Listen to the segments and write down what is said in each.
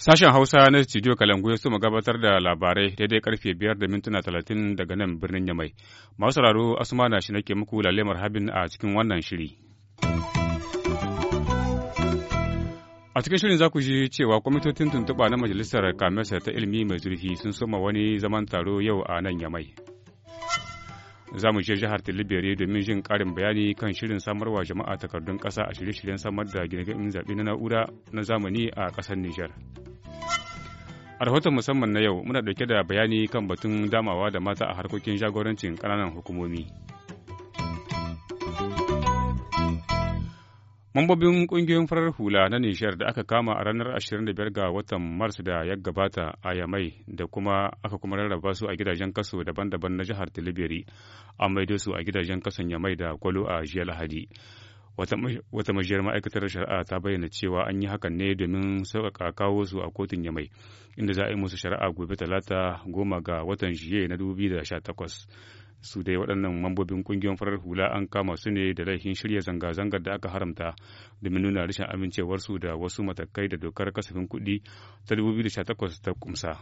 Sashen Hausa na studio Kalangu ya so gabatar da labarai daidai karfe biyar da mintuna talatin daga nan birnin Yamai. Masu sauraro Asuma na shi nake muku lalemar habin a cikin wannan shiri. A cikin shirin za ku ji cewa kwamitocin tuntuɓa na Majalisar Kamesa ta Ilimi mai zurfi sun soma wani zaman taro yau a nan Yamai. Za mu je jihar Tilibere domin jin ƙarin bayani kan shirin samarwa jama'a takardun ƙasa a shirye-shiryen samar da gine-ginen zaɓe na na'ura na zamani a ƙasar Nijar. A rahoton musamman na yau muna ɗauke da bayani kan batun damawa da mata a harkokin jagorancin ƙananan hukumomi. Mambobin ƙungiyoyin farar hula na Nishar da aka kama a ranar 25 ga watan Mars da ya gabata a Yamai da kuma aka kuma rarraba su a gidajen kaso daban-daban na jihar Tilibiri a maido su a gidajen kason Yamai da Kwalo a jiya Lahadi. Wata majiyar ma'aikatar shari'a ta bayyana cewa an yi hakan ne domin sauƙaƙa kawo su a kotun Yamai inda za a yi musu shari'a gobe talata goma ga watan Juye na 2018. su dai waɗannan mambobin ƙungiyar farar hula an kama su ne da laifin shirya zanga-zangar da aka haramta domin nuna rashin amincewarsu da wasu matakai da dokar kasafin kuɗi ta 2018 ta kumsa.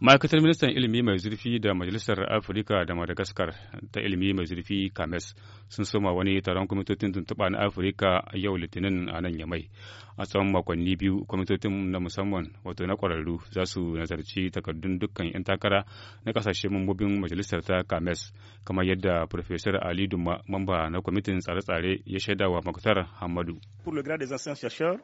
ma'aikatar ministan ilimi mai zurfi da majalisar afirka da madagaskar ta ilimi mai zurfi kames sun soma wani taron kwamitocin tuntuɓa na afirka yau litinin a nan yamai a tsawon makonni biyu kwamitocin na musamman wato na kwararru za su nazarci takardun dukkan 'yan takara na kasashe mambobin majalisar ta kames kamar yadda Profesor Ali Duma mamba na kwamitin tsare-tsare ya shaida wa Muktar Hamadu.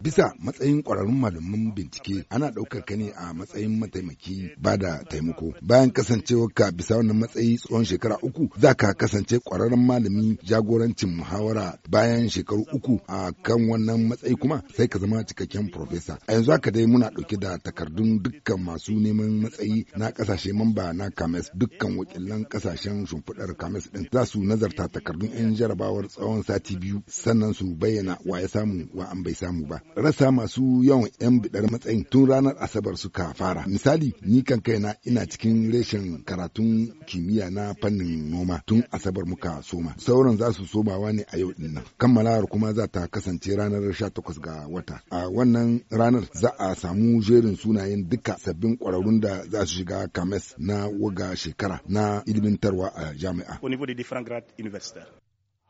Bisa matsayin ƙwararrun malaman bincike ana ɗaukar ka ne a matsayin mataimaki ba da taimako. Bayan kasancewar ka bisa wannan matsayi tsawon shekara uku za ka kasance ƙwararren malamin jagorancin muhawara bayan shekaru uku a kan wannan matsayi kuma sai ka zama cikakken profesa a yanzu haka dai muna ɗauke da takardun dukkan masu neman matsayi na ƙasashe mamba na kames dukkan wakilan kasashen shimfiɗar kames ɗin za su nazarta takardun 'yan jarabawar tsawon sati biyu sannan su bayyana wa ya samu wa an bai samu ba rasa masu yawan 'yan biɗar matsayin tun ranar asabar suka fara misali ni kan kaina ina cikin reshen karatun kimiyya na fannin noma tun asabar muka soma sauran za su somawa ne a yau dinnan nan kammalawar kuma za ta kasance ranar 18 ga wata A wannan ranar za a samu jerin sunayen duka sabbin kwararrun da za su shiga kames na waga shekara na tarwa a jami'a.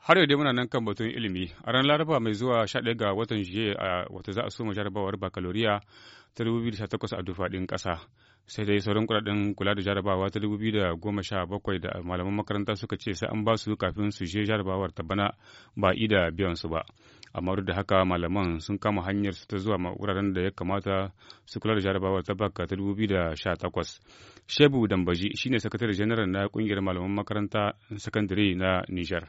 Har yau dai muna nan kan batun ilimi, a ranar Laraba mai zuwa 11 ga watan jiye a wata za a soma jarabawar bakaloriya ta 2018 a dufaɗin ƙasa. Sai dai sauran kuɗaɗen kula da jarabawa ta 2017 da malaman makaranta suka ce sai an ba su kafin su je jarabawar ta bana ba ida biyan su ba. amma duk da haka malaman sun kama hanyar su ta zuwa wuraren da ya kamata su kula da jarabawar ta baka ta 2018 shebu dambaji shine sakatare janar na kungiyar malaman makaranta sakandare na nijar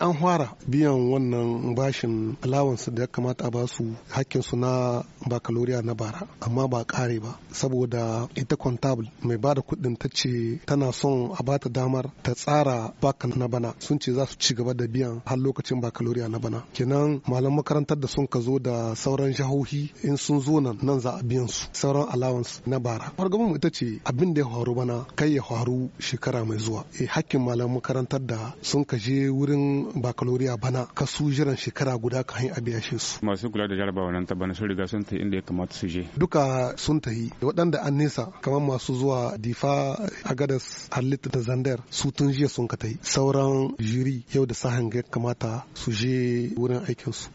an fara biyan wannan bashin alawansu da ya kamata a basu su na bakaloriya na bara amma ba kare ba saboda ita kwantabul mai ba da kuɗin ta ce tana son a bata damar ta tsara baka na bana sun ce za su ci gaba da biyan har lokacin bakaloriya na bana kenan malam makarantar da sun ka zo da sauran shahohi in sun zo nan nan za a biyan su sauran allowance na bara fargaban ita ce abin da ya faru bana kai ya faru shekara mai zuwa eh hakkin malam makarantar da sun ka je wurin bakaloriya bana ka su jiran shekara guda ka hanyar biya shi su masu kula da jarabawa nan ta bana sun riga sun tafi inda ya kamata su je duka sun ta yi waɗanda an nesa kamar masu zuwa difa a gadas halitta da zandar su tun jiya sun ka ta yi. sauran jiri yau da sahan ga kamata su je wurin aikinsu.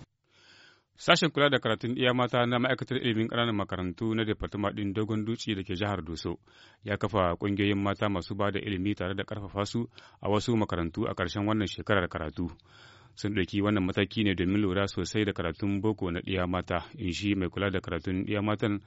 Sashen kula da karatun iya mata na ma'aikatar ilimin ƙananan makarantu na Departima ɗin Dogon Dutse da ke jihar Doso ya kafa ƙungiyoyin mata masu ba da ilimi tare da ƙarfafa su a wasu makarantu a ƙarshen wannan shekarar karatu. Sun ɗauki wannan mataki ne domin lura sosai da karatun boko na iya mata, in shi mai kula da karatun iya matan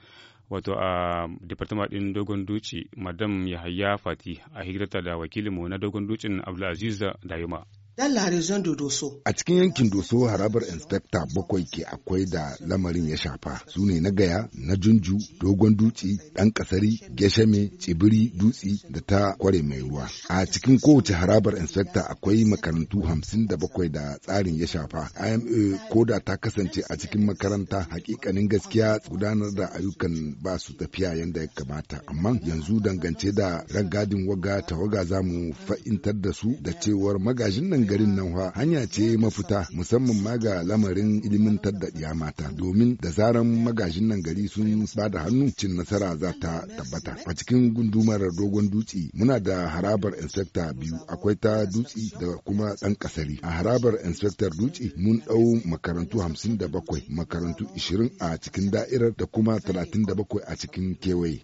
wato a Departima ɗin Dogon Dutse, Madam Yahaya Fati, a hijirta da wakilinmu na Dogon Dutsen Abdulaziz Dayuma. A cikin yankin Doso harabar inspector bakwai ke akwai da lamarin ya shafa su ne na gaya, na junju, dogon dutse, ɗan kasari, geshame, tsibiri, dutse da ta kware mai ruwa. A cikin kowace harabar inspector akwai makarantu hamsin da bakwai da tsarin ya shafa. IMA ko da ta kasance a cikin makaranta hakikanin gaskiya gudanar da ayyukan ba su tafiya yadda ya kamata. Amma yanzu dangance da ragadin waga tawaga za mu fa'intar da su da cewar magajin nan garin nan fa hanya ce mafita musamman ma ga lamarin ilimantar da iya mata domin da zaran magajin nan gari sun ba da hannu cin nasara za ta tabbata a cikin gundumar dogon dutse muna da harabar inspector biyu akwai ta dutse da kuma ɗan kasari a harabar inspector dutse mun ɗau makarantu hamsin da makarantu ishirin a cikin da'irar da kuma talatin da a cikin kewaye.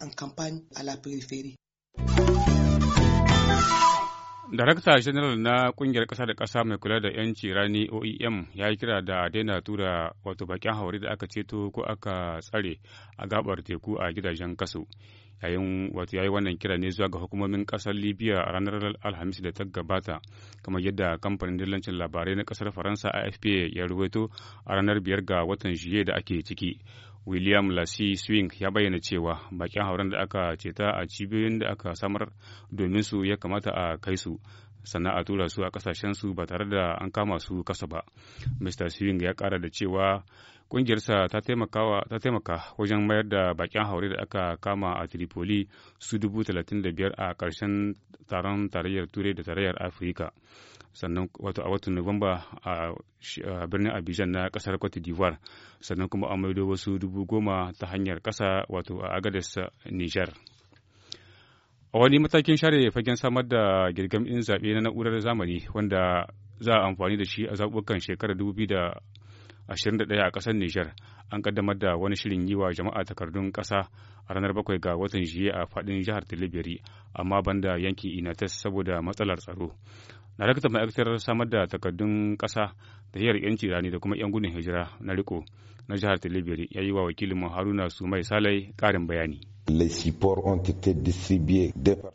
Darakta General na kungiyar ƙasa da kasa mai kula da 'yanci rani OEM ya yi kira da daina tura wato bakin haure da aka ceto ko aka tsare a gabar teku a gidajen kaso. Yayin wato yayi wannan kira ne zuwa ga hukumomin ƙasar Libya a ranar Alhamis da ta gabata, kamar yadda kamfanin dillancin labarai na kasar Faransa AFP ya ruwaito a ranar biyar ga watan Juye da ake ciki. william lasi swing ya bayyana cewa bakin hauren da aka ceta a cibiyoyin da aka samar domin su ya kamata a kai su sannan a tura su a kasashensu ba tare da an kama su kasa ba mr swing ya kara da cewa kungiyarsa ta taimaka wajen mayar da bakin haure da aka kama a tripoli su dubu a karshen taron tarayyar turai da tarayyar afirka sannan wato a watan nuwamba a birnin abidjan na kasar cote d'ivoire sannan kuma a maido wasu dubu goma ta hanyar kasa wato a agadis niger a wani matakin share fagen samar da girgamin zaɓe na na'urar zamani wanda za a amfani da shi a zaɓuɓɓukan shekarar 2021 a ƙasar niger an kaddamar da wani shirin yi wa jama'a takardun ƙasa a ranar bakwai ga watan jiye a faɗin jihar Tilibiri amma banda yankin Inatas saboda matsalar tsaro. na daraktan ma'aikatar samar da takardun ƙasa da hiyar 'yanci rani da kuma 'yan gudun hijira na riko na jihar talibiri ya yi wa wakilin haruna mai salai ƙarin bayani les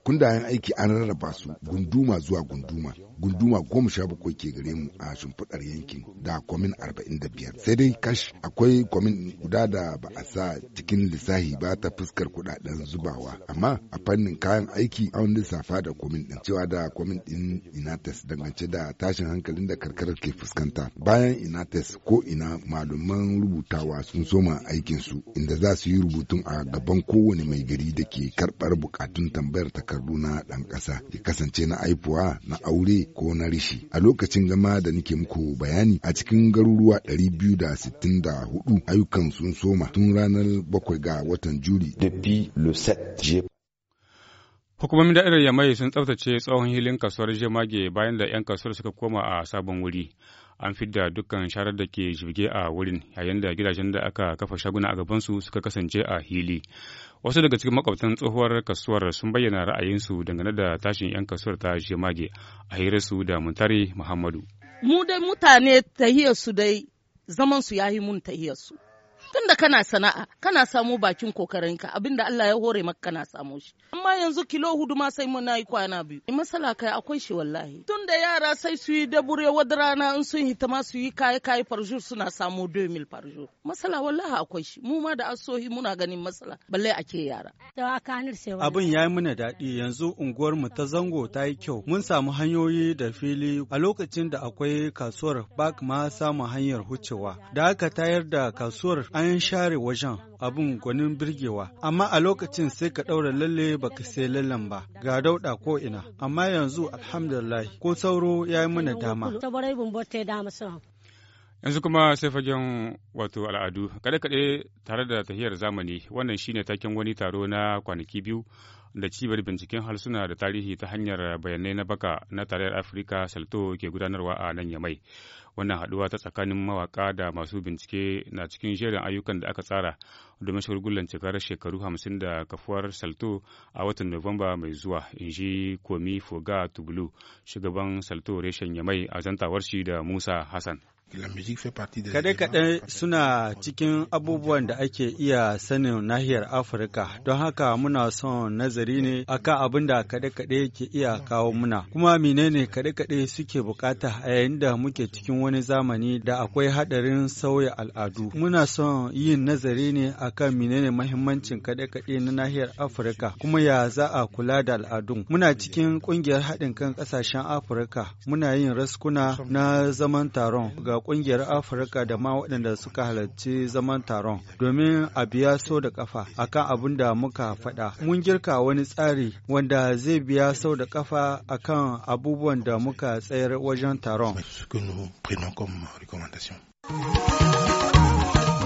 Kundayen aiki an rarraba su gunduma zuwa gunduma gunduma goma sha bakwai ke gare mu a shimfiɗar yankin da kwamin arba'in da biyar sai dai kash akwai kwamin guda da ba a sa cikin lissahi ba ta fuskar kuɗaɗen zubawa amma a fannin kayan aiki a wani lissafa da kwamin ɗin cewa da kwamin ɗin inates dangance da tashin hankalin da karkarar ke fuskanta bayan inates ko ina malaman rubutawa sun soma aikin su inda za su yi rubutun a gaban kowane mai gari da ke karɓar bukatun tambayar takardu na ɗan ƙasa ya kasance na aifuwa na aure ko na rishi a lokacin zama da nake muku bayani a cikin garuruwa 264 ayyukan sun soma tun ranar bakwai ga watan juli Hukumomin da'irar Yamai sun tsaftace tsohon hilin kasuwar Jemage bayan da 'yan kasuwar suka koma a sabon wuri. an fidda dukkan sharar da ke shirge a wurin yayin da gidajen da aka kafa shaguna a gabansu suka kasance a hili wasu daga cikin makwabtan tsohuwar kasuwar sun bayyana ra'ayinsu dangane da tashin 'yan kasuwar ta shemage a hirarsu da muntare muhammadu mu dai mutane tahiyarsu dai zaman su yi mun su. tunda kana sana'a kana samu bakin kokarinka abinda Allah ya hore maka kana samu shi amma yanzu kilo hudu ma sai mun yi kwana biyu in masala kai akwai shi wallahi tunda yara sai su yi dabure wata in sun hita ma su yi kaye kaye farjo suna samu 2000 farjo masala wallahi akwai shi mu ma da asohi muna ganin masala balle ake yara abin ya yi mana daɗi yanzu unguwar mu ta zango ta yi kyau mun samu hanyoyi da fili a lokacin da akwai kasuwar bak ma samun hanyar hucewa da aka tayar da kasuwar an share wajen abin gwanin birgewa amma a lokacin sai ka ɗaura lalle baka sai lallen ba ga dauɗa ko ina amma yanzu alhamdulillah ko sauro ya yi mana dama yanzu kuma sai fagen wato al'adu kaɗe-kaɗe tare da tahiyar zamani wannan shine taken wani taro na kwanaki biyu da cibiyar binciken halsuna da tarihi ta hanyar bayanai na baka na tarayyar afirka salto ke gudanarwa a nan yamai wannan haduwa ta tsakanin mawaka da masu bincike na cikin shirin ayyukan da aka tsara domin shagulgulan cikar shekaru hamsin da kafuwar salto a watan nuwamba mai zuwa in ji komi foga tubulu shugaban salto reshen yamai a zantawar shi da musa hassan Kaɗe-kaɗe suna cikin abubuwan da ake iya sanin nahiyar Afirka, don haka muna son nazari ne akan abin da kaɗe-kaɗe ke iya kawo muna. Kuma menene kaɗe-kaɗe suke bukata a yayin da muke cikin wani zamani da akwai haɗarin sauya al'adu. Muna son yin nazari ne a akan menene mahimmancin kaɗe-kaɗe na nahiyar Afirka kuma ya za a kula da al'adun. Muna cikin ƙungiyar haɗin kan ƙasashen Afirka, muna yin raskuna na zaman taron ga ƙungiyar Afirka da ma waɗanda suka halarci zaman taron domin a biya so da ƙafa akan abin da muka faɗa. Mun girka wani tsari wanda zai biya sau da ƙafa akan abubuwan da muka tsayar wajen taron.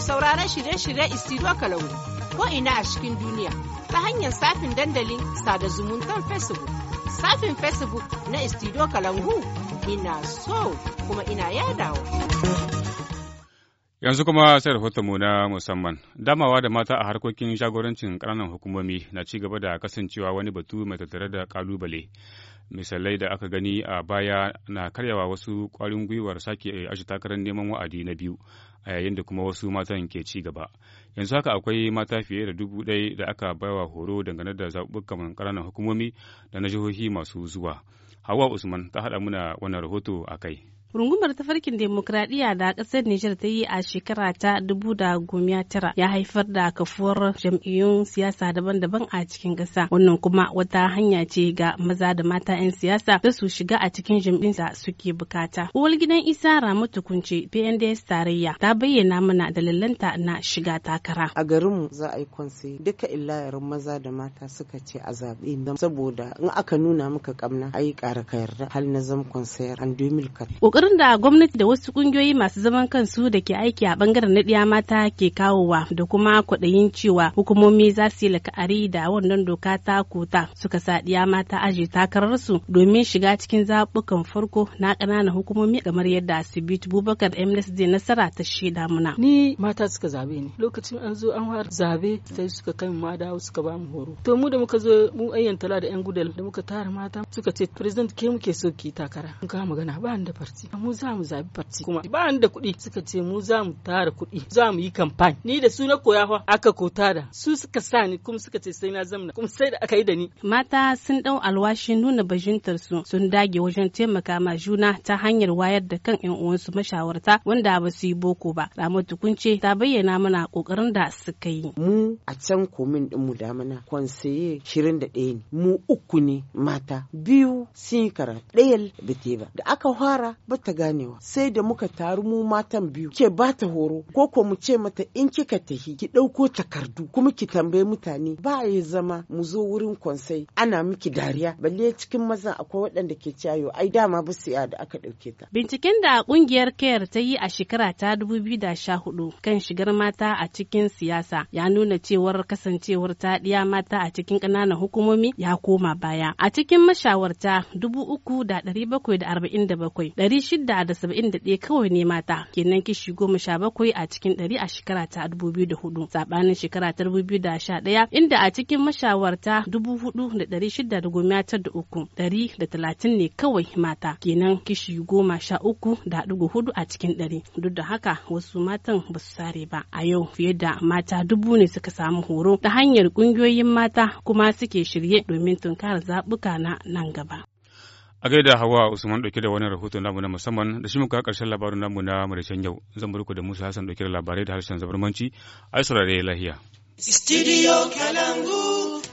sauraron shirye shiryen Isiro Kalangu ko ina a cikin duniya ta hanyar safin dandalin sada zumuntar Facebook. Safin Facebook na Isiro Kalangu ina so kuma ina yadawa. Yanzu kuma sai rahotonmu na musamman. Damawa da mata a harkokin jagorancin ƙananan hukumomi na ci gaba da kasancewa wani batu mai tattare da ƙalubale. Misalai da aka gani a baya na karyawa wasu ƙwarin gwiwar sake aji takarar neman wa'adi na biyu. a yayin da kuma wasu matan ke ci gaba. Yanzu haka akwai mata fiye da dubu ɗaya da aka baiwa horo dangane da zaɓuɓɓukan ƙananan hukumomi da na jihohi masu zuwa. Hawa Usman ta haɗa muna wannan rahoto a kai. Rungumar tafarkin demokradiyya da ƙasar Nijar ta yi a shekara ta tara ya haifar da kafuwar jam'iyyun siyasa daban-daban a cikin ƙasa. Wannan kuma wata hanya ce ga maza da mata 'yan siyasa da su shiga a cikin jam'iyyun da suke bukata. Uwar gidan Isa Ramatu Tukunce PNDS tarayya ta bayyana mana dalilanta na shiga takara. A garinmu za a yi kwanse duka illayarin maza da mata suka ce a zaɓe saboda in aka nuna maka kamna a yi ƙara ka yarda hal na zam kwansayar an 2004. Ƙoƙarin da gwamnati da wasu kungiyoyi masu zaman kansu da ke aiki a na naɗiya mata ke kawowa da kuma kwaɗayin cewa hukumomi za su yi la'akari da wannan doka ta kota suka sa ɗiya mata aje takararsu domin shiga cikin zaɓukan farko na ƙananan hukumomi kamar yadda asibiti Bubakar MSD Nasara ta shaida muna. Ni mata suka zabe ne lokacin an zo an fara zabe sai suka kai mu dawo suka ba mu horo. To mu da muka zo mu tala da 'yan gudal da muka tara mata suka ce president ke muke so ki takara. Mun magana ba da farti mu za mu zabi parti kuma ba ni da kuɗi suka ce mu za mu tara kuɗi za mu yi kamfani ni da su na koya fa aka ko tara su suka sa ni kuma suka ce sai na zamna kuma sai da aka yi da ni mata sun dau alwashin nuna bajintar su sun dage wajen taimaka ma juna ta hanyar wayar da kan yan uwansu mashawarta wanda ba su yi boko ba ramatu kunce ta bayyana mana kokarin da suka yi mu a can komin din mu da mana da ɗaya ne mu uku ne mata biyu sun yi karatu ɗaya ba da aka fara ba ta ganewa sai da muka taru mu matan biyu ke ba ta horo ko ko mu ce mata in kika tahi ki ɗauko takardu kuma ki tambayi mutane ba ya zama mu zo wurin konsai ana miki dariya balle cikin maza akwai waɗanda ke ciyayo ai dama ba su da aka ɗauke ta. Binciken da ƙungiyar kayar ta yi a shekara ta 2014 kan shigar mata a cikin siyasa ya nuna cewar kasancewar ta ɗiya mata a cikin ƙananan hukumomi ya koma baya. A cikin mashawarta bakwai ɗari shida da saba'in da ɗaya kawai ne mata kenan kishi goma sha bakwai a cikin ɗari a shekara ta dubu biyu da hudu saɓanin shekara ta dubu biyu da sha ɗaya inda a cikin mashawarta dubu hudu da ɗari shida da goma ta da uku ɗari da talatin ne kawai mata kenan kishi goma sha uku da ɗigo hudu a cikin ɗari duk da haka wasu matan ba su sare ba a yau fiye da mata dubu ne suka samu horo ta hanyar ƙungiyoyin mata kuma suke shirye domin tunkar zaɓuka na nan gaba. A gaida Hawa Usman ɗauke da wani rahoton namu na musamman da shi muka karshen labarin namu na Mauritian yau. Zan burku da Musa Hassan ɗauke da labarai da harshen zabarmanci. Ai saurare lahiya. Studio Kalangu.